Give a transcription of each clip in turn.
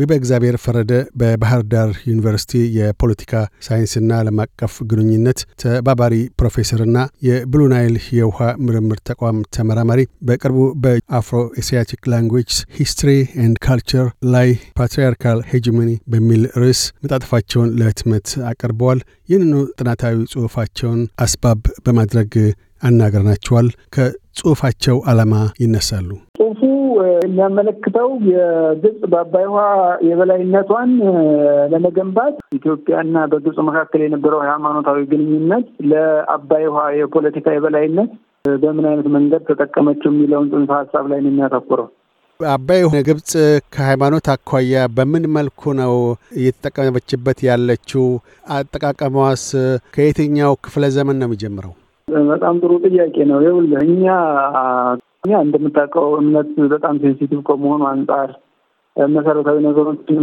ውበ እግዚአብሔር ፈረደ በባህር ዳር ዩኒቨርሲቲ የፖለቲካ ሳይንስና ዓለም አቀፍ ግንኙነት ተባባሪ ፕሮፌሰርና የብሉናይል የውሃ ምርምር ተቋም ተመራማሪ በቅርቡ በአፍሮ ኤስያቲክ ላንጉጅ ሂስትሪ ኤንድ ካልቸር ላይ ፓትሪያርካል ሄጅመኒ በሚል ርዕስ መጣጥፋቸውን ለህትመት አቅርበዋል። ይህንኑ ጥናታዊ ጽሑፋቸውን አስባብ በማድረግ አናገርናቸዋል። ጽሁፋቸው ዓላማ ይነሳሉ? ጽሁፉ የሚያመለክተው የግብጽ በአባይ ውሃ የበላይነቷን ለመገንባት ኢትዮጵያና በግብጽ መካከል የነበረው የሃይማኖታዊ ግንኙነት ለአባይ ውሃ የፖለቲካ የበላይነት በምን አይነት መንገድ ተጠቀመችው የሚለውን ጽንሰ ሀሳብ ላይ ነው የሚያተኩረው። አባይ ግብፅ ከሃይማኖት አኳያ በምን መልኩ ነው እየተጠቀመችበት ያለችው? አጠቃቀሟስ ከየትኛው ክፍለ ዘመን ነው የሚጀምረው? በጣም ጥሩ ጥያቄ ነው። ይኸውልህ እኛ እኛ እንደምታውቀው እምነት በጣም ሴንሲቲቭ ከመሆኑ አንጻር መሰረታዊ ነገሮችን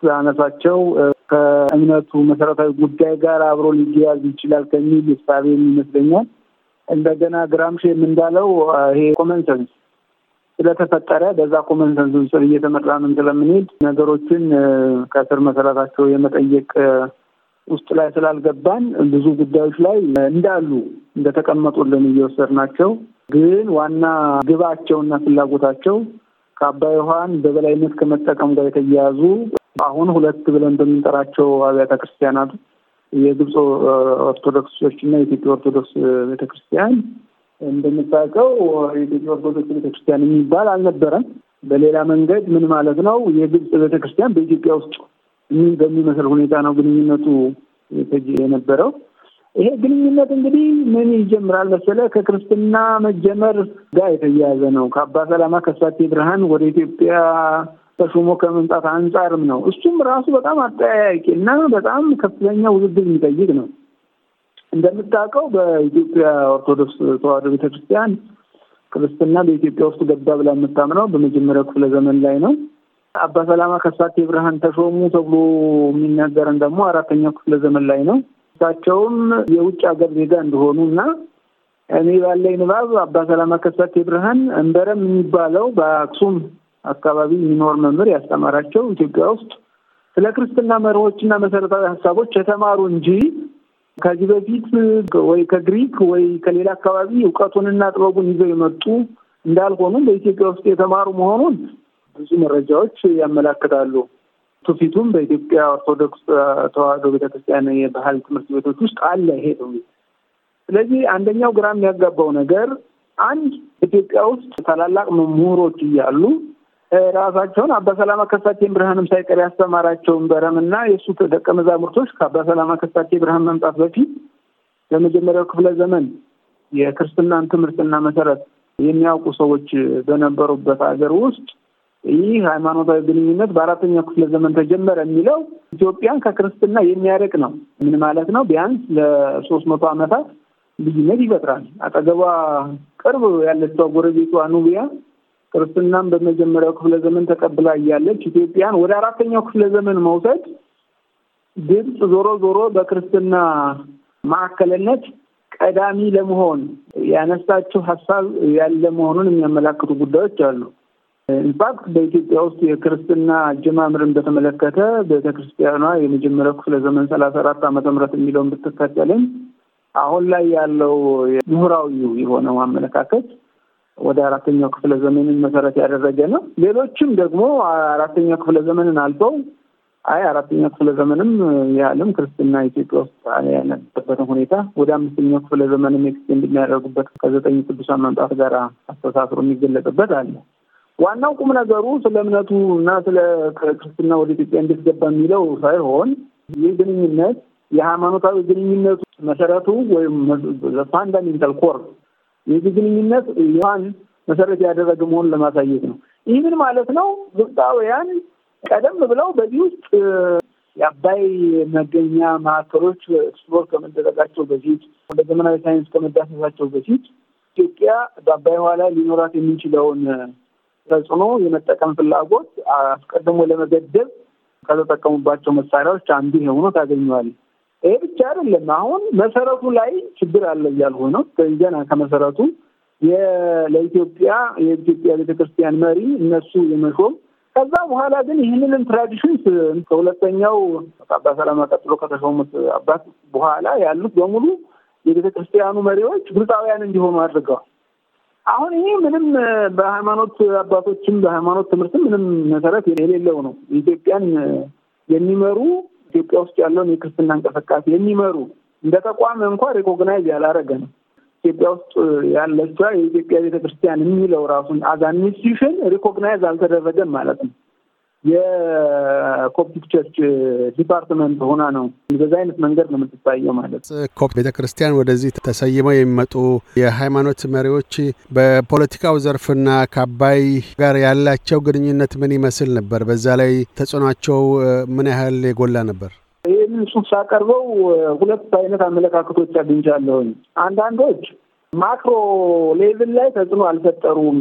ስላነሳቸው ከእምነቱ መሰረታዊ ጉዳይ ጋር አብሮ ሊያያዝ ይችላል ከሚል እሳቤ ይመስለኛል። እንደገና ግራምሺም እንዳለው ይሄ ኮመንሰንስ ስለተፈጠረ በዛ ኮመንሰንስ ስር እየተመራን ስለምንሄድ ነገሮችን ከስር መሰረታቸው የመጠየቅ ውስጥ ላይ ስላልገባን ብዙ ጉዳዮች ላይ እንዳሉ እንደተቀመጡልን እየወሰድናቸው ግን ዋና ግባቸውና ፍላጎታቸው ከአባይ ውሃን በበላይነት ከመጠቀም ጋር የተያያዙ አሁን ሁለት ብለን በምንጠራቸው አብያተ ክርስቲያናት የግብፅ ኦርቶዶክሶች እና የኢትዮጵያ ኦርቶዶክስ ቤተክርስቲያን እንደምታውቀው የኢትዮጵያ ኦርቶዶክስ ቤተክርስቲያን የሚባል አልነበረም። በሌላ መንገድ ምን ማለት ነው? የግብፅ ቤተክርስቲያን በኢትዮጵያ ውስጥ ይህ በሚመስል ሁኔታ ነው ግንኙነቱ የነበረው። ይሄ ግንኙነት እንግዲህ ምን ይጀምራል መሰለ ከክርስትና መጀመር ጋር የተያያዘ ነው። ከአባ ሰላማ ከሳቴ ብርሃን ወደ ኢትዮጵያ ተሹሞ ከመምጣት አንጻርም ነው። እሱም ራሱ በጣም አጠያያቂ እና በጣም ከፍተኛ ውዝግብ የሚጠይቅ ነው። እንደምታውቀው በኢትዮጵያ ኦርቶዶክስ ተዋህዶ ቤተክርስቲያን ክርስትና በኢትዮጵያ ውስጥ ገባ ብላ የምታምነው በመጀመሪያው ክፍለ ዘመን ላይ ነው። አባ ሰላማ ከሳቴ ብርሃን ተሾሙ ተብሎ የሚነገረን ደግሞ አራተኛው ክፍለ ዘመን ላይ ነው። እሳቸውም የውጭ ሀገር ዜጋ እንደሆኑ እና እኔ ባለኝ ንባብ ሰላማ ከሳቴ ብርሃን እንበረም የሚባለው በአክሱም አካባቢ የሚኖር መምህር ያስተማራቸው ኢትዮጵያ ውስጥ ስለ ክርስትና መርሆችና መሰረታዊ ሀሳቦች የተማሩ እንጂ ከዚህ በፊት ወይ ከግሪክ ወይ ከሌላ አካባቢ እውቀቱንና ጥበቡን ይዘው የመጡ እንዳልሆኑ በኢትዮጵያ ውስጥ የተማሩ መሆኑን ብዙ መረጃዎች ያመላክታሉ። ትውፊቱም በኢትዮጵያ ኦርቶዶክስ ተዋህዶ ቤተክርስቲያን የባህል ትምህርት ቤቶች ውስጥ አለ ይሄ ትውፊት። ስለዚህ አንደኛው ግራ የሚያጋባው ነገር አንድ ኢትዮጵያ ውስጥ ታላላቅ ምሁሮች እያሉ ራሳቸውን አባሰላማ ከሳቴ ብርሃንም ሳይቀር ያስተማራቸውን በረምና የእሱ ደቀ መዛሙርቶች ከአባሰላማ ከሳቴ ብርሃን መምጣት በፊት በመጀመሪያው ክፍለ ዘመን የክርስትናን ትምህርትና መሰረት የሚያውቁ ሰዎች በነበሩበት ሀገር ውስጥ ይህ ሃይማኖታዊ ግንኙነት በአራተኛው ክፍለ ዘመን ተጀመረ የሚለው ኢትዮጵያን ከክርስትና የሚያርቅ ነው። ምን ማለት ነው? ቢያንስ ለሶስት መቶ ዓመታት ልዩነት ይፈጥራል። አጠገቧ ቅርብ ያለችው ጎረቤቷ ኑቢያ ክርስትናን በመጀመሪያው ክፍለ ዘመን ተቀብላ እያለች ኢትዮጵያን ወደ አራተኛው ክፍለ ዘመን መውሰድ ግብፅ ዞሮ ዞሮ በክርስትና ማዕከልነት ቀዳሚ ለመሆን ያነሳችው ሀሳብ ያለ መሆኑን የሚያመላክቱ ጉዳዮች አሉ። ኢንፋክት በኢትዮጵያ ውስጥ የክርስትና አጀማምርን በተመለከተ ቤተ ክርስቲያኗ የመጀመሪያው ክፍለ ዘመን ሰላሳ አራት ዓመተ ምህረት የሚለውን ብትከተልም አሁን ላይ ያለው ምሁራዊ የሆነው አመለካከት ወደ አራተኛው ክፍለ ዘመንን መሰረት ያደረገ ነው። ሌሎችም ደግሞ አራተኛው ክፍለ ዘመንን አልፈው አይ አራተኛው ክፍለ ዘመንም የዓለም ክርስትና ኢትዮጵያ ውስጥ ያለበትን ሁኔታ ወደ አምስተኛው ክፍለ ዘመንም ኤክስቴንድ የሚያደርጉበት ከዘጠኝ ቅዱሳን መምጣት ጋር አስተሳስሮ የሚገለጥበት አለ። ዋናው ቁም ነገሩ ስለ እምነቱ እና ስለ ክርስትና ወደ ኢትዮጵያ እንድትገባ የሚለው ሳይሆን ይህ ግንኙነት የሃይማኖታዊ ግንኙነቱ መሰረቱ ወይም ፋንዳሜንታል ኮር ይህ ግንኙነት ይህን መሰረት ያደረገ መሆኑን ለማሳየት ነው። ይህ ምን ማለት ነው? ግብፃውያን ቀደም ብለው በዚህ ውስጥ የአባይ መገኛ ማዕከሎች ስፖር ከመደረጋቸው በፊት ወደ ዘመናዊ ሳይንስ ከመዳሰሳቸው በፊት ኢትዮጵያ በአባይ ኋላ ሊኖራት የሚችለውን ተጽዕኖ የመጠቀም ፍላጎት አስቀድሞ ለመገደብ ከተጠቀሙባቸው መሳሪያዎች አንዱ የሆኑ ታገኘዋል። ይሄ ብቻ አይደለም። አሁን መሰረቱ ላይ ችግር አለ እያልሁ ነው። ገና ከመሰረቱ ለኢትዮጵያ የኢትዮጵያ ቤተክርስቲያን መሪ እነሱ የመሾም ከዛ በኋላ ግን ይህንን ትራዲሽን ከሁለተኛው አባ ሰላማ ቀጥሎ ከተሾሙት አባት በኋላ ያሉት በሙሉ የቤተክርስቲያኑ መሪዎች ግብፃውያን እንዲሆኑ አድርገዋል። አሁን ይሄ ምንም በሃይማኖት አባቶችም በሃይማኖት ትምህርትም ምንም መሰረት የሌለው ነው። ኢትዮጵያን የሚመሩ ኢትዮጵያ ውስጥ ያለውን የክርስትና እንቅስቃሴ የሚመሩ እንደ ተቋም እንኳ ሪኮግናይዝ ያላረገ ነው። ኢትዮጵያ ውስጥ ያለችዋ የኢትዮጵያ ቤተክርስቲያን የሚለው ራሱን አዝ ሪኮግናይዝ አልተደረገም ማለት ነው። ኮፕቲክ ቸርች ዲፓርትመንት ሆና ነው። በዛ አይነት መንገድ ነው የምትታየው ማለት ኮፕ ቤተ ክርስቲያን ወደዚህ ተሰይመው የሚመጡ የሃይማኖት መሪዎች በፖለቲካው ዘርፍና ከአባይ ጋር ያላቸው ግንኙነት ምን ይመስል ነበር? በዛ ላይ ተጽዕኖቸው ምን ያህል የጎላ ነበር? ይህንን ጽሑፍ ሳቀርበው ሁለት አይነት አመለካከቶች አግኝቻለሁኝ። አንዳንዶች ማክሮ ሌቭል ላይ ተጽዕኖ አልፈጠሩም።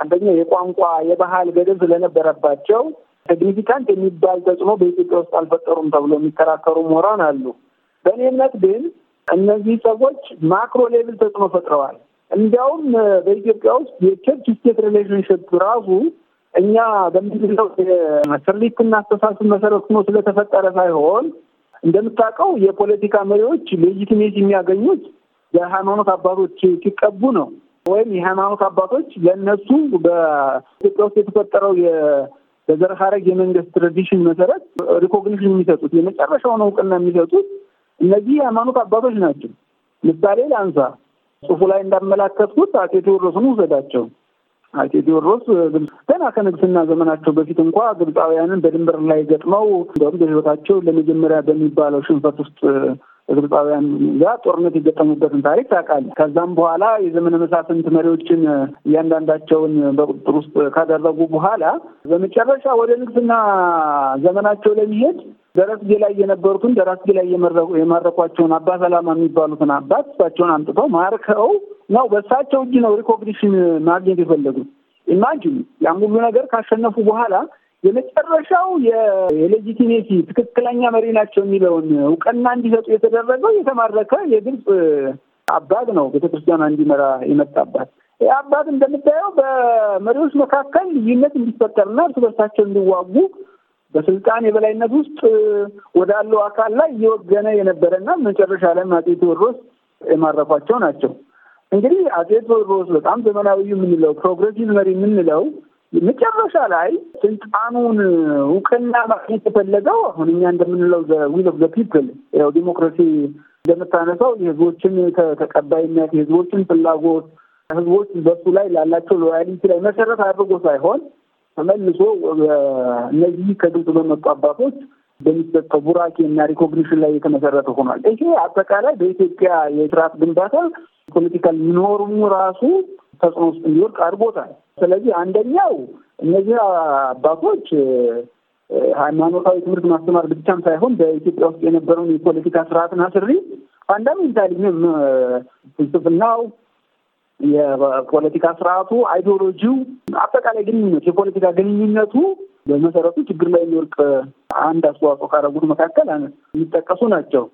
አንደኛ የቋንቋ የባህል ገደብ ስለነበረባቸው ሲግኒፊካንት የሚባል ተጽዕኖ በኢትዮጵያ ውስጥ አልፈጠሩም ተብሎ የሚከራከሩ ምሁራን አሉ። በእኔ እምነት ግን እነዚህ ሰዎች ማክሮ ሌቭል ተጽዕኖ ፈጥረዋል። እንዲያውም በኢትዮጵያ ውስጥ የቸርች ስቴት ሪሌሽንሽፕ ራሱ እኛ በምንድነው ስርሊትና አስተሳሰብ መሰረት ሆኖ ስለተፈጠረ ሳይሆን እንደምታውቀው የፖለቲካ መሪዎች ሌጂቲሜት የሚያገኙት የሃይማኖት አባቶች ሲቀቡ ነው። ወይም የሃይማኖት አባቶች ለእነሱ በኢትዮጵያ ውስጥ የተፈጠረው በዘር ሐረግ የመንግስት ትራዲሽን መሰረት ሪኮግኒሽን የሚሰጡት የመጨረሻውን እውቅና የሚሰጡት እነዚህ የሃይማኖት አባቶች ናቸው። ምሳሌ ላንሳ። ጽሑፉ ላይ እንዳመላከትኩት አጼ ቴዎድሮስን ውሰዳቸው። አጼ ቴዎድሮስ ገና ከንግስና ዘመናቸው በፊት እንኳ ግብፃውያንን በድንበር ላይ ገጥመው እንዲሁም በህይወታቸው ለመጀመሪያ በሚባለው ሽንፈት ውስጥ ከግብፃውያን ጋር ጦርነት የገጠሙበትን ታሪክ ታውቃለህ። ከዛም በኋላ የዘመነ መሳፍንት መሪዎችን እያንዳንዳቸውን በቁጥጥር ውስጥ ካደረጉ በኋላ በመጨረሻ ወደ ንግስና ዘመናቸው ለመሄድ ደራስጌ ላይ የነበሩትን ደራስጌ ላይ የማረኳቸውን አባ ሰላማ የሚባሉትን አባት እሳቸውን አምጥተው ማርከው ነው በእሳቸው እጅ ነው ሪኮግኒሽን ማግኘት የፈለጉት። ኢማጂን ያን ሁሉ ነገር ካሸነፉ በኋላ የመጨረሻው የሌጂቲሜሲ ትክክለኛ መሪ ናቸው የሚለውን እውቅና እንዲሰጡ የተደረገው የተማረከ የግብፅ አባት ነው ቤተክርስቲያኗ እንዲመራ የመጣባት። ይህ አባት እንደምታየው በመሪዎች መካከል ልዩነት እንዲፈጠርና እርስ በርሳቸው እንዲዋጉ በስልጣን የበላይነት ውስጥ ወዳለው አካል ላይ እየወገነ የነበረና መጨረሻ ላይም አጼ ቴዎድሮስ የማረኳቸው ናቸው። እንግዲህ አጼ ቴዎድሮስ በጣም ዘመናዊ የምንለው ፕሮግሬሲቭ መሪ የምንለው መጨረሻ ላይ ስልጣኑን እውቅና ማግኘት የፈለገው አሁን እኛ እንደምንለው ዊል ኦፍ ዘ ፒፕል ያው ዲሞክራሲ እንደምታነሳው የህዝቦችን ተቀባይነት፣ የህዝቦችን ፍላጎት፣ ህዝቦች በሱ ላይ ላላቸው ሎያሊቲ ላይ መሰረት አድርጎ ሳይሆን ተመልሶ እነዚህ ከድምፅ በመጡ አባቶች በሚሰጠው ቡራኬ እና ሪኮግኒሽን ላይ የተመሰረተ ሆኗል። ይሄ አጠቃላይ በኢትዮጵያ የስርዓት ግንባታ ፖለቲካል ሊኖሩም ራሱ ተጽዕኖ ውስጥ እንዲወድቅ አድርጎታል። ስለዚህ አንደኛው እነዚህ አባቶች ሃይማኖታዊ ትምህርት ማስተማር ብቻም ሳይሆን በኢትዮጵያ ውስጥ የነበረውን የፖለቲካ ስርዓትን አስሪ ፋንዳሜንታሊዝም ፍልስፍናው፣ የፖለቲካ ስርዓቱ አይዲዮሎጂው፣ አጠቃላይ ግንኙነት የፖለቲካ ግንኙነቱ በመሰረቱ ችግር ላይ የሚወርቅ አንድ አስተዋጽኦ ካደረጉት መካከል የሚጠቀሱ ናቸው።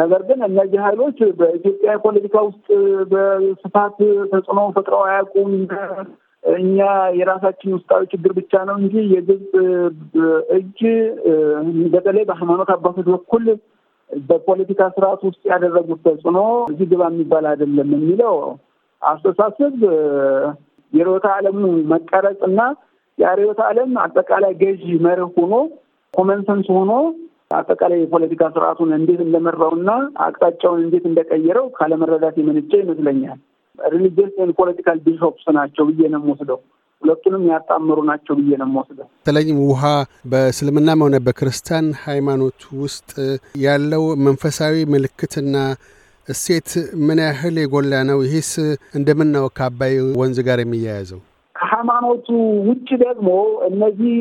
ነገር ግን እነዚህ ኃይሎች በኢትዮጵያ ፖለቲካ ውስጥ በስፋት ተጽዕኖ ፈጥረው አያውቁም። እኛ የራሳችን ውስጣዊ ችግር ብቻ ነው እንጂ የግብፅ እጅ በተለይ በሃይማኖት አባቶች በኩል በፖለቲካ ስርዓት ውስጥ ያደረጉት ተጽዕኖ እዚህ ግባ የሚባል አይደለም የሚለው አስተሳሰብ የርዕዮተ አለም መቀረጽ እና የርዕዮተ ዓለም አጠቃላይ ገዢ መርህ ሆኖ ኮመንሰንስ ሆኖ አጠቃላይ የፖለቲካ ስርዓቱን እንዴት እንደመራውና አቅጣጫውን እንዴት እንደቀየረው ካለመረዳት የመነጨ ይመስለኛል። ሪሊጅስ ፖለቲካል ቢሾፕስ ናቸው ብዬ ነው የምወስደው። ሁለቱንም ያጣምሩ ናቸው ብዬ ነው የምወስደው። በተለይም ውሃ በእስልምናም ሆነ በክርስቲያን ሃይማኖት ውስጥ ያለው መንፈሳዊ ምልክትና እሴት ምን ያህል የጎላ ነው? ይህስ እንደምናየው ከአባይ ወንዝ ጋር የሚያያዘው ከሃይማኖቱ ውጭ ደግሞ እነዚህ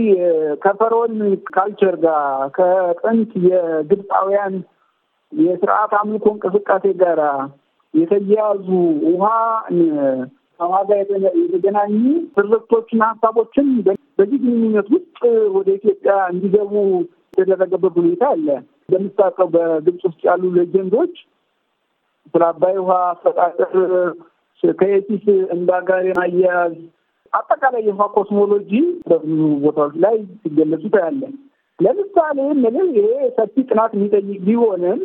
ከፈሮን ካልቸር ጋር ከጥንት የግብፃውያን የስርዓት አምልኮ እንቅስቃሴ ጋር የተያያዙ ውሃ ከዋጋ የተገናኙ ትርክቶችና ሀሳቦችን በዚህ ግንኙነት ውስጥ ወደ ኢትዮጵያ እንዲገቡ የተደረገበት ሁኔታ አለ። እንደምታውቀው በግብፅ ውስጥ ያሉ ሌጀንዶች ስለ አባይ ውሃ አፈጣጠር ከየቲስ እንዳ ጋር የማያያዝ አጠቃላይ የውሃ ኮስሞሎጂ በብዙ ቦታዎች ላይ ሲገለጹ ታያለን። ለምሳሌ ምንም ይሄ ሰፊ ጥናት የሚጠይቅ ቢሆንም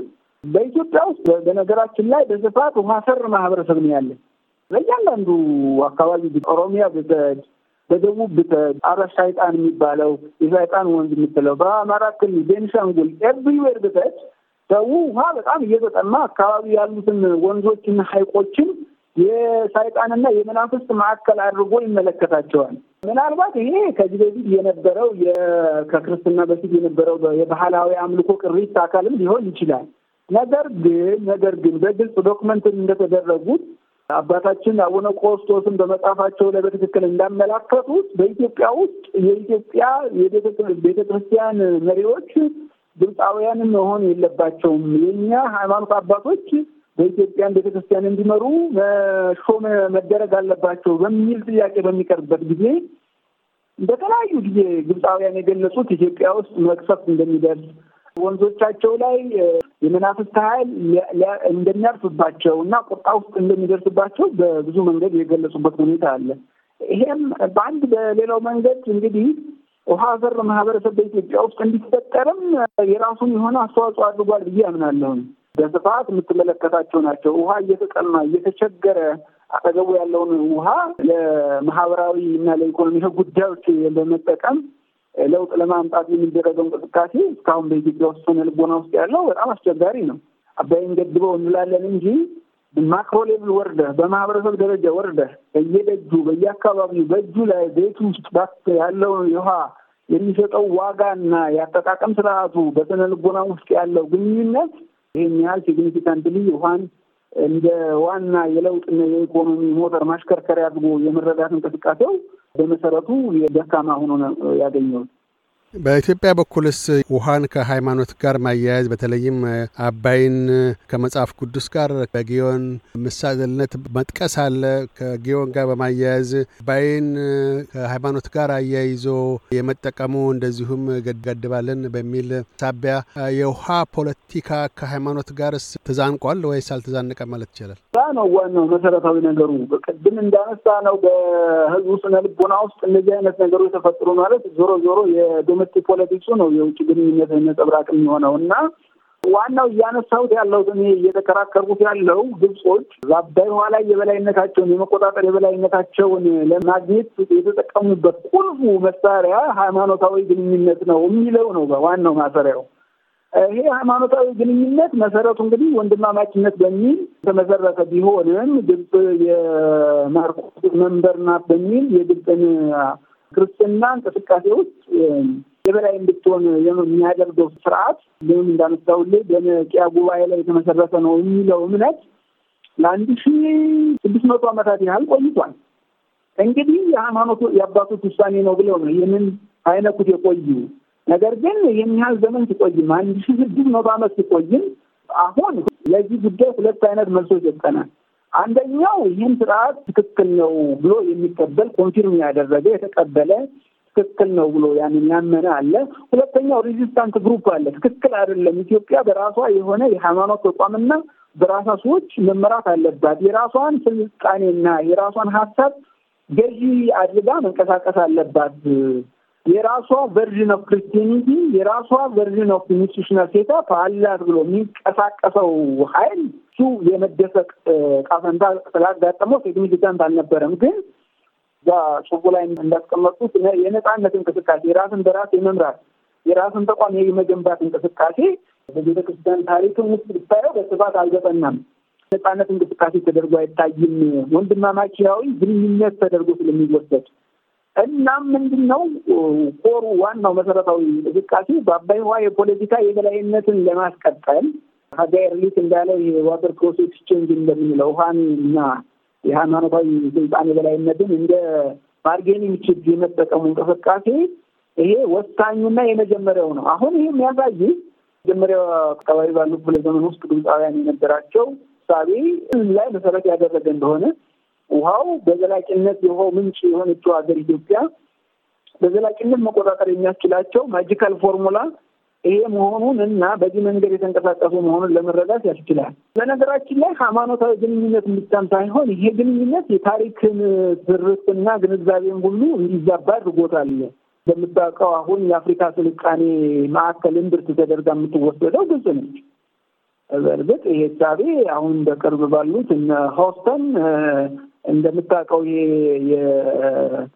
በኢትዮጵያ ውስጥ በነገራችን ላይ በስፋት ውሃ ሰር ማህበረሰብ ነው ያለን። በእያንዳንዱ አካባቢ ኦሮሚያ ብትሄድ፣ በደቡብ ብትሄድ፣ አረብ ሻይጣን የሚባለው የሻይጣን ወንዝ የምትለው፣ በአማራ ክልል ቤንሻንጉል፣ ኤቭሪዌር ብትሄድ ሰው ውሃ በጣም እየተጠማ አካባቢ ያሉትን ወንዞችና ሀይቆችን የሳይጣንና የመናፍስት ማዕከል አድርጎ ይመለከታቸዋል። ምናልባት ይሄ ከዚህ በፊት የነበረው ከክርስትና በፊት የነበረው የባህላዊ አምልኮ ቅሪት አካልም ሊሆን ይችላል። ነገር ግን ነገር ግን በግልጽ ዶክመንት እንደተደረጉት አባታችን አቡነ ቆስጦስን በመጽሐፋቸው ላይ በትክክል እንዳመላከቱት በኢትዮጵያ ውስጥ የኢትዮጵያ የቤተ ክርስቲያን መሪዎች ግብፃውያንም መሆን የለባቸውም። የእኛ ሃይማኖት አባቶች በኢትዮጵያን ቤተክርስቲያን እንዲመሩ መሾም መደረግ አለባቸው በሚል ጥያቄ በሚቀርብበት ጊዜ በተለያዩ ጊዜ ግብፃውያን የገለጹት ኢትዮጵያ ውስጥ መቅሰፍት እንደሚደርስ ወንዞቻቸው ላይ የመናፍስት ኃይል እንደሚያርፍባቸው እና ቁጣ ውስጥ እንደሚደርስባቸው በብዙ መንገድ የገለጹበት ሁኔታ አለ። ይሄም በአንድ በሌላው መንገድ እንግዲህ ውሃ ዘር ማህበረሰብ በኢትዮጵያ ውስጥ እንዲፈጠርም የራሱን የሆነ አስተዋጽኦ አድርጓል ብዬ አምናለሁኝ። በስፋት የምትመለከታቸው ናቸው። ውሃ እየተጠማ እየተቸገረ አጠገቡ ያለውን ውሃ ለማህበራዊ እና ለኢኮኖሚ ጉዳዮች በመጠቀም ለውጥ ለማምጣት የሚደረገው እንቅስቃሴ እስካሁን በኢትዮጵያ ውስጥ ሆነ ልቦና ውስጥ ያለው በጣም አስቸጋሪ ነው። አባይን ገድበው እንላለን እንጂ ማክሮ ሌቭል ወርደህ በማህበረሰብ ደረጃ ወርደህ በየደጁ በየአካባቢው በእጁ ላይ ቤት ውስጥ ያለው ውሃ የሚሰጠው ዋጋና የአጠቃቀም ስርዓቱ በስነ ልቦና ውስጥ ያለው ግንኙነት ይህን ያህል ሲግኒፊካንትሊ ውሃን እንደ ዋና የለውጥና የኢኮኖሚ ሞተር ማሽከርከሪያ አድርጎ የመረዳት እንቅስቃሴው በመሰረቱ ደካማ ሆኖ ነው ያገኘሁት። በኢትዮጵያ በኩልስ ውሃን ከሃይማኖት ጋር ማያያዝ በተለይም አባይን ከመጽሐፍ ቅዱስ ጋር በጊዮን ምሳሌነት መጥቀስ አለ። ከጊዮን ጋር በማያያዝ አባይን ከሃይማኖት ጋር አያይዞ የመጠቀሙ እንደዚሁም ገድባለን በሚል ሳቢያ የውሃ ፖለቲካ ከሃይማኖት ጋርስ ተዛንቋል ወይስ አልተዛነቀ ማለት ይቻላል? ነው ዋናው መሰረታዊ ነገሩ። ቅድም እንዳነሳ ነው በህዝቡ ስነልቦና ውስጥ እነዚህ አይነት ነገሮች ተፈጥሮ ማለት ዞሮ ዞሮ የዶሜ የሁለት ፖለቲክሱ ነው የውጭ ግንኙነት ነጸብራቅ የሚሆነው እና ዋናው እያነሳሁት ያለው እኔ እየተከራከርኩት ያለው ግብጾች በአባይ ውሃ ላይ የበላይነታቸውን የመቆጣጠር የበላይነታቸውን ለማግኘት የተጠቀሙበት ቁልፉ መሳሪያ ሃይማኖታዊ ግንኙነት ነው የሚለው ነው ዋናው ማሰሪያው። ይሄ ሃይማኖታዊ ግንኙነት መሰረቱ እንግዲህ ወንድማማችነት በሚል የተመሰረተ ቢሆንም ግብጽ የማርቆስ መንበር ናት በሚል የግብጽን ክርስትና እንቅስቃሴ ውስጥ የበላይ እንድትሆን የሚያደርገው ስርዓት ለምን እንዳነሳሁልህ በኒቅያ ጉባኤ ላይ የተመሰረተ ነው የሚለው እምነት ለአንድ ሺ ስድስት መቶ ዓመታት ያህል ቆይቷል። እንግዲህ የሃይማኖቱ የአባቶች ውሳኔ ነው ብለው ነው ይህንን አይነኩት የቆዩ ነገር ግን የሚያህል ዘመን ሲቆይም አንድ ሺ ስድስት መቶ ዓመት ሲቆይም አሁን ለዚህ ጉዳይ ሁለት አይነት መልሶች ሰጠናል። አንደኛው ይህን ስርዓት ትክክል ነው ብሎ የሚቀበል ኮንፊርም ያደረገ የተቀበለ ትክክል ነው ብሎ ያን ያመነ አለ። ሁለተኛው ሬዚስታንት ግሩፕ አለ። ትክክል አይደለም፣ ኢትዮጵያ በራሷ የሆነ የሃይማኖት ተቋምና በራሷ ሰዎች መመራት አለባት፣ የራሷን ስልጣኔና የራሷን ሀሳብ ገዢ አድርጋ መንቀሳቀስ አለባት፣ የራሷ ቨርዥን ኦፍ ክርስቲያኒቲ የራሷ ቨርዥን ኦፍ ኢንስቲቱሽናል ሴታፕ አላት ብሎ የሚንቀሳቀሰው ሀይል እሱ የመደፈቅ ጣፈንታ ስላጋጠመው ሲግኒፊካንት አልነበረም ግን እዛ ላይ እንዳስቀመጡት የነጻነት እንቅስቃሴ የራስን በራስ የመምራት የራስን ተቋም የመገንባት እንቅስቃሴ በቤተ ክርስቲያን ታሪክም ውስጥ ብታየው በስፋት አልገጠናም። ነጻነት እንቅስቃሴ ተደርጎ አይታይም። ወንድማማችያዊ ግንኙነት ተደርጎ ስለሚወሰድ እናም ምንድን ነው ኮሩ ዋናው መሰረታዊ እንቅስቃሴ በአባይ ውሃ የፖለቲካ የበላይነትን ለማስቀጠል ሀገር ሊት እንዳለ ዋተር ፕሮሴስ ቼንጅ እንደምንለው ውሃን እና የሃይማኖታዊ ስልጣን የበላይነትን እንደ ባርጌኒንግ ችግ የመጠቀሙ እንቅስቃሴ ይሄ ወሳኙና የመጀመሪያው ነው። አሁን ይሄ የሚያሳይ መጀመሪያ አካባቢ ባሉ ክፍለ ዘመን ውስጥ ግብፃውያን የነበራቸው ሳቤ ላይ መሰረት ያደረገ እንደሆነ ውሃው በዘላቂነት የውሃው ምንጭ የሆነችው ሀገር ኢትዮጵያ በዘላቂነት መቆጣጠር የሚያስችላቸው ማጂካል ፎርሙላ ይሄ መሆኑን እና በዚህ መንገድ የተንቀሳቀሱ መሆኑን ለመረዳት ያስችላል። በነገራችን ላይ ሃይማኖታዊ ግንኙነት ብቻም ሳይሆን ይሄ ግንኙነት የታሪክን ትርክትና ግንዛቤን ሁሉ እንዲዛባ አድርጎታል። እንደምታውቀው አሁን የአፍሪካ ስልጣኔ ማዕከል እምብርት ተደርጋ የምትወሰደው ግብጽ ነች። በእርግጥ ይሄ ሳቤ አሁን በቅርብ ባሉት እነ ሆስተን እንደምታውቀው ይሄ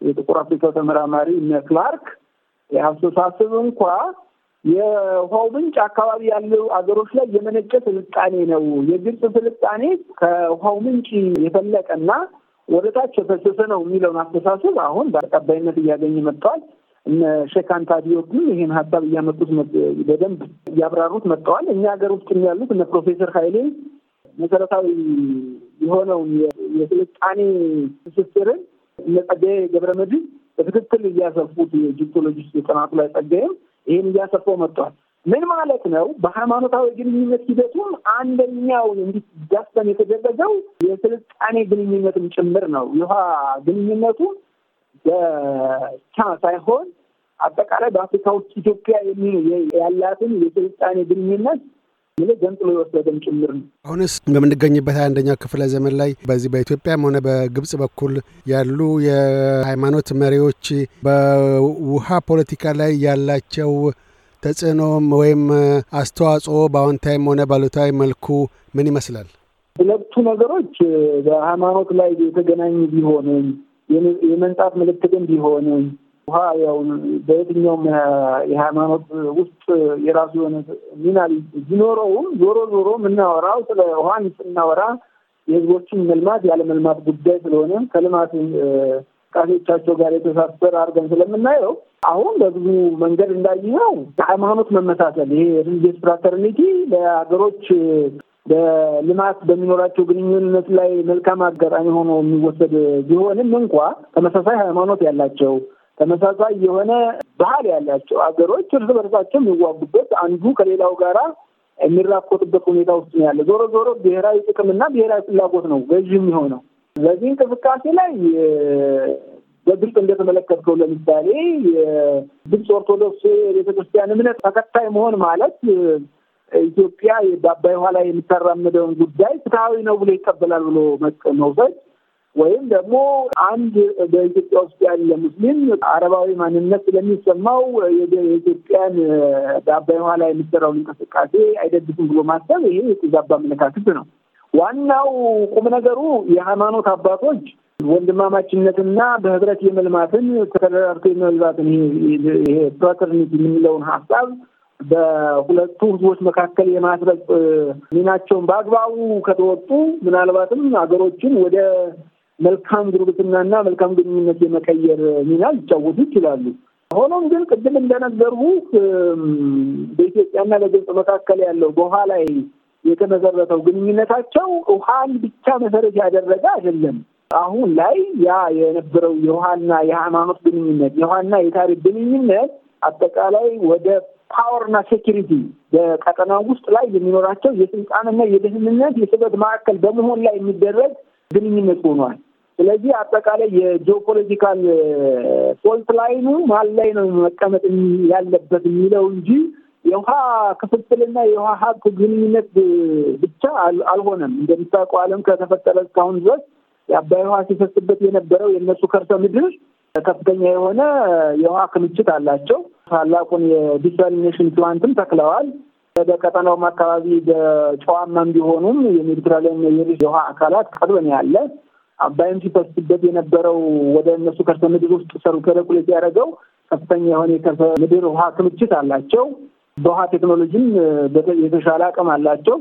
የጥቁር አፍሪካው ተመራማሪ እነ ክላርክ የአስተሳሰብ እንኳ የውሃው ምንጭ አካባቢ ያሉ አገሮች ላይ የመነጨ ስልጣኔ ነው። የግብፅ ስልጣኔ ከውሃው ምንጭ የፈለቀና ወደ ታች የፈሰሰ ነው የሚለውን አስተሳሰብ አሁን በተቀባይነት እያገኘ መጥተዋል። እነ ሼክ አንታ ዲዮግ ይህን ሀሳብ እያመጡት በደንብ እያብራሩት መጥተዋል። እኛ ሀገር ውስጥ ያሉት እነ ፕሮፌሰር ኃይሌ መሰረታዊ የሆነውን የስልጣኔ ትስስርን እነ ጸጋዬ ገብረ መድን በትክክል እያሰፉት የጂኦሎጂስት የጥናቱ ላይ ጸጋዬም ይህን እያሰፈው መጥቷል። ምን ማለት ነው? በሃይማኖታዊ ግንኙነት ሂደቱም አንደኛው እንዲዳሰን የተደረገው የስልጣኔ ግንኙነትም ጭምር ነው። ይህ ግንኙነቱ በቻ ሳይሆን አጠቃላይ በአፍሪካ ውስጥ ኢትዮጵያ ያላትን የስልጣኔ ግንኙነት ይህ ገንጥሎ የወሰደም ጭምር ነው። አሁንስ በምንገኝበት አንደኛው ክፍለ ዘመን ላይ በዚህ በኢትዮጵያም ሆነ በግብጽ በኩል ያሉ የሃይማኖት መሪዎች በውሃ ፖለቲካ ላይ ያላቸው ተጽዕኖም ወይም አስተዋጽኦ በአዎንታዊም ሆነ ባሉታዊ መልኩ ምን ይመስላል? ሁለቱ ነገሮች በሃይማኖት ላይ የተገናኙ ቢሆንም የመንጻት ምልክትም ቢሆንም ውሃ ያው በየትኛውም የሃይማኖት ውስጥ የራሱ የሆነ ሚና ቢኖረውም ዞሮ ዞሮ የምናወራው ስለ ውሃን ስናወራ የህዝቦችን መልማት ያለ መልማት ጉዳይ ስለሆነ ከልማት ቃሴዎቻቸው ጋር የተሳሰረ አድርገን ስለምናየው አሁን በብዙ መንገድ እንዳየኸው ከሃይማኖት መመሳሰል ይሄ ሪሊጅስ ፍራተርኒቲ ለሀገሮች በልማት በሚኖራቸው ግንኙነት ላይ መልካም አጋጣሚ ሆኖ የሚወሰድ ቢሆንም እንኳ ተመሳሳይ ሃይማኖት ያላቸው ተመሳሳይ የሆነ ባህል ያላቸው ሀገሮች እርስ በርሳቸው የሚዋጉበት አንዱ ከሌላው ጋራ የሚራኮትበት ሁኔታ ውስጥ ነው ያለ። ዞሮ ዞሮ ብሔራዊ ጥቅምና ብሔራዊ ፍላጎት ነው ገዥ የሚሆነው በዚህ እንቅስቃሴ ላይ በግልጽ እንደተመለከትከው ለምሳሌ የግብፅ ኦርቶዶክስ ቤተክርስቲያን እምነት ተከታይ መሆን ማለት ኢትዮጵያ በአባይ ውሃ ላይ የምታራምደውን ጉዳይ ፍትሐዊ ነው ብሎ ይቀበላል ብሎ መውሰድ ወይም ደግሞ አንድ በኢትዮጵያ ውስጥ ያለ ሙስሊም አረባዊ ማንነት ስለሚሰማው የኢትዮጵያን በአባይ ውሃ ላይ የሚሰራውን እንቅስቃሴ አይደግፍም ብሎ ማሰብ ይሄ የተዛባ አመለካከት ነው። ዋናው ቁም ነገሩ የሃይማኖት አባቶች ወንድማማችነትና በህብረት የመልማትን ተደራርቶ የመልማትን ይሄ ፍራተርኒቲ የምንለውን ሀሳብ በሁለቱ ህዝቦች መካከል የማስረጽ ሚናቸውን በአግባቡ ከተወጡ ምናልባትም ሀገሮችን ወደ መልካም ጉርብትናና መልካም ግንኙነት የመቀየር ሚና ሊጫወቱ ይችላሉ። ሆኖም ግን ቅድም እንደነገርሁ በኢትዮጵያና በግብጽ መካከል ያለው በውሃ ላይ የተመሰረተው ግንኙነታቸው ውሃን ብቻ መሰረት ያደረገ አይደለም። አሁን ላይ ያ የነበረው የውሃና የሃይማኖት ግንኙነት የውሃና የታሪክ ግንኙነት አጠቃላይ ወደ ፓወርና ሴኪሪቲ በቀጠና ውስጥ ላይ የሚኖራቸው የስልጣንና የደህንነት የስበት ማዕከል በመሆን ላይ የሚደረግ ግንኙነት ሆኗል። ስለዚህ አጠቃላይ የጂኦፖለቲካል ፎልት ላይኑ መሀል ላይ ነው መቀመጥ ያለበት የሚለው እንጂ የውሃ ክፍፍልና የውሃ ሀብት ግንኙነት ብቻ አልሆነም። እንደሚታወቀው ዓለም ከተፈጠረ እስካሁን ድረስ የአባይ ውሃ ሲፈስበት የነበረው የእነሱ ከርሰ ምድር ከፍተኛ የሆነ የውሃ ክምችት አላቸው። ታላቁን የዲሳሊኔሽን ፕላንትም ተክለዋል። በቀጠናውም አካባቢ በጨዋማ ቢሆኑም የሜዲትራሊያን የውሃ አካላት ቅርብ ያለ አባይም ሲፈስበት የነበረው ወደ እነሱ ከርሰ ምድር ውስጥ ከለቁሌት ያደረገው ከፍተኛ የሆነ የከርሰ ምድር ውሃ ክምችት አላቸው። በውሃ ቴክኖሎጂም የተሻለ አቅም አላቸው።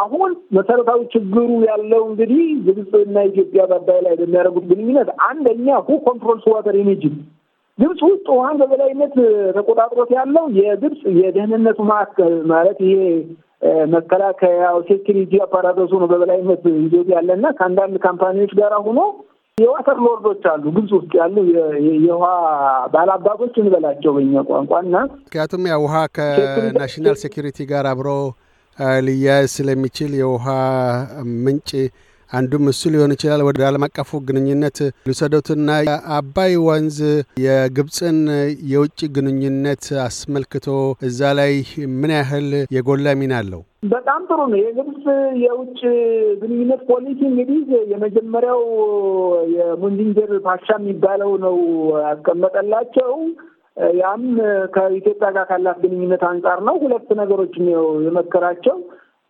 አሁን መሰረታዊ ችግሩ ያለው እንግዲህ ግብፅ እና ኢትዮጵያ በአባይ ላይ በሚያደርጉት ግንኙነት አንደኛ ሁ ኮንትሮል ስዋተር ኢሜጅ ግብፅ ውስጥ ውሃን በበላይነት ተቆጣጥሮት ያለው የግብፅ የደህንነቱ ማዕከል ማለት ይሄ መከላከያው ሴኪሪቲ አፓራቶሱ ነው በበላይነት ይዞት ያለ እና ከአንዳንድ ካምፓኒዎች ጋር ሆኖ የዋተር ሎርዶች አሉ ግብጽ ውስጥ ያሉ የውሃ ባለአባቶች እንበላቸው በኛ ቋንቋ እና ምክንያቱም ያ ውሃ ከናሽናል ሴኪሪቲ ጋር አብሮ ሊያያዝ ስለሚችል የውሃ ምንጭ አንዱም እሱ ሊሆን ይችላል። ወደ ዓለም አቀፉ ግንኙነት ልውሰዶትና የአባይ ወንዝ የግብፅን የውጭ ግንኙነት አስመልክቶ እዛ ላይ ምን ያህል የጎላ ሚና አለው? በጣም ጥሩ ነው። የግብፅ የውጭ ግንኙነት ፖሊሲ እንግዲህ የመጀመሪያው የሙንዚንጀር ፓሻ የሚባለው ነው ያስቀመጠላቸው። ያም ከኢትዮጵያ ጋር ካላት ግንኙነት አንጻር ነው። ሁለት ነገሮች ነው የመከራቸው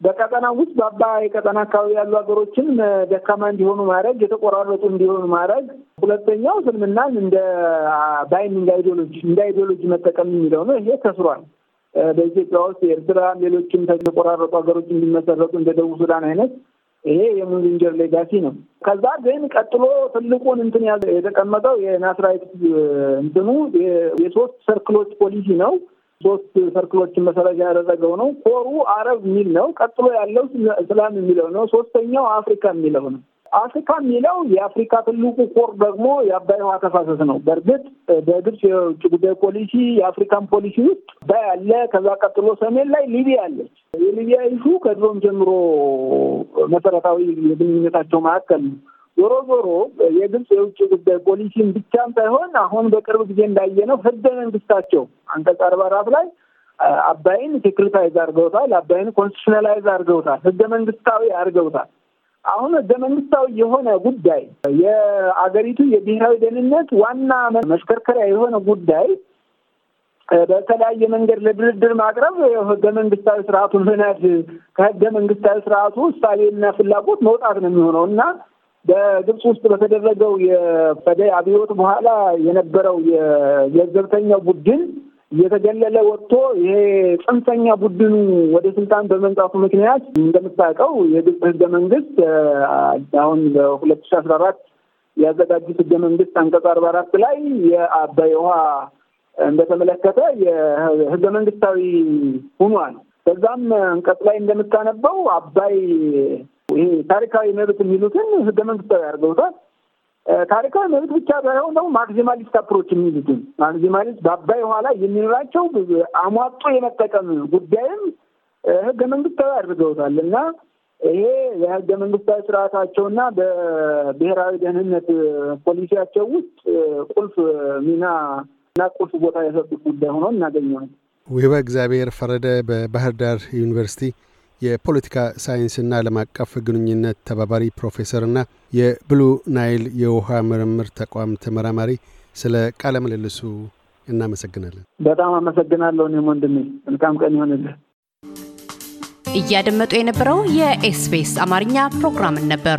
በቀጠና ውስጥ በአባ የቀጠና አካባቢ ያሉ ሀገሮችን ደካማ እንዲሆኑ ማድረግ፣ የተቆራረጡ እንዲሆኑ ማድረግ። ሁለተኛው እስልምናን እንደ እንደ አይዲዮሎጂ እንደ አይዲዮሎጂ መጠቀም የሚለው ነው። ይሄ ተስሯል። በኢትዮጵያ ውስጥ ኤርትራ፣ ሌሎችም የተቆራረጡ ሀገሮች እንዲመሰረቱ እንደ ደቡብ ሱዳን አይነት ይሄ የሙዚንጀር ሌጋሲ ነው። ከዛ ግን ቀጥሎ ትልቁን እንትን የተቀመጠው የናስራይት እንትኑ የሶስት ሰርክሎች ፖሊሲ ነው። ሶስት ሰርክሎችን መሰረት ያደረገው ነው። ኮሩ አረብ የሚል ነው። ቀጥሎ ያለው እስላም የሚለው ነው። ሶስተኛው አፍሪካ የሚለው ነው። አፍሪካ የሚለው የአፍሪካ ትልቁ ኮር ደግሞ የአባይ ውሃ ተፋሰስ ነው። በእርግጥ በግብጽ የውጭ ጉዳይ ፖሊሲ የአፍሪካን ፖሊሲ ውስጥ አባይ አለ። ከዛ ቀጥሎ ሰሜን ላይ ሊቢያ አለች። የሊቢያ ይሹ ከድሮም ጀምሮ መሰረታዊ የግንኙነታቸው መካከል ነው። ዞሮ ዞሮ የግብፅ የውጭ ጉዳይ ፖሊሲን ብቻም ሳይሆን አሁን በቅርብ ጊዜ እንዳየነው ህገ መንግስታቸው አንቀጽ አርባ አራት ላይ አባይን ሴክሪታይዝ አድርገውታል። አባይን ኮንስቲሽናላይዝ አድርገውታል። ህገ መንግስታዊ አድርገውታል። አሁን ህገ መንግስታዊ የሆነ ጉዳይ የአገሪቱ የብሔራዊ ደህንነት ዋና መሽከርከሪያ የሆነ ጉዳይ በተለያየ መንገድ ለድርድር ማቅረብ ህገ መንግስታዊ ስርዓቱን ህነት ከህገ መንግስታዊ ስርዓቱ እሳቤና ፍላጎት መውጣት ነው የሚሆነው እና በግብፅ ውስጥ በተደረገው የፈደይ አብዮት በኋላ የነበረው የዘብተኛው ቡድን እየተገለለ ወጥቶ ይሄ ጽንፈኛ ቡድኑ ወደ ስልጣን በመምጣቱ ምክንያት እንደምታውቀው የግብፅ ህገ መንግስት አሁን በሁለት ሺ አስራ አራት ያዘጋጁት ህገ መንግስት አንቀጽ አርባ አራት ላይ የአባይ ውሃ እንደተመለከተ የህገ መንግስታዊ ሁኗል። በዛም አንቀጽ ላይ እንደምታነበው አባይ ይሄ ታሪካዊ መብት የሚሉትን ህገ መንግስታዊ አድርገውታል። ታሪካዊ መብት ብቻ ሳይሆን ደግሞ ማክዚማሊስት አፕሮች የሚሉትን ማክዚማሊስት በአባይ ውሃ ላይ የሚኖራቸው አሟጦ የመጠቀም ጉዳይም ህገ መንግስታዊ አድርገውታል እና ይሄ የህገ መንግስታዊ ስርዓታቸውና በብሔራዊ ደህንነት ፖሊሲያቸው ውስጥ ቁልፍ ሚና እና ቁልፍ ቦታ የሰጡት ጉዳይ ሆኖ እናገኘዋል። ውህበ እግዚአብሔር ፈረደ በባህር ዳር ዩኒቨርሲቲ የፖለቲካ ሳይንስና ዓለም አቀፍ ግንኙነት ተባባሪ ፕሮፌሰርና የብሉ ናይል የውሃ ምርምር ተቋም ተመራማሪ፣ ስለ ቃለ ምልልሱ እናመሰግናለን። በጣም አመሰግናለሁ። እኔም ወንድሜ መልካም ቀን ይሆንልህ። እያደመጡ የነበረው የኤስቢኤስ አማርኛ ፕሮግራምን ነበር።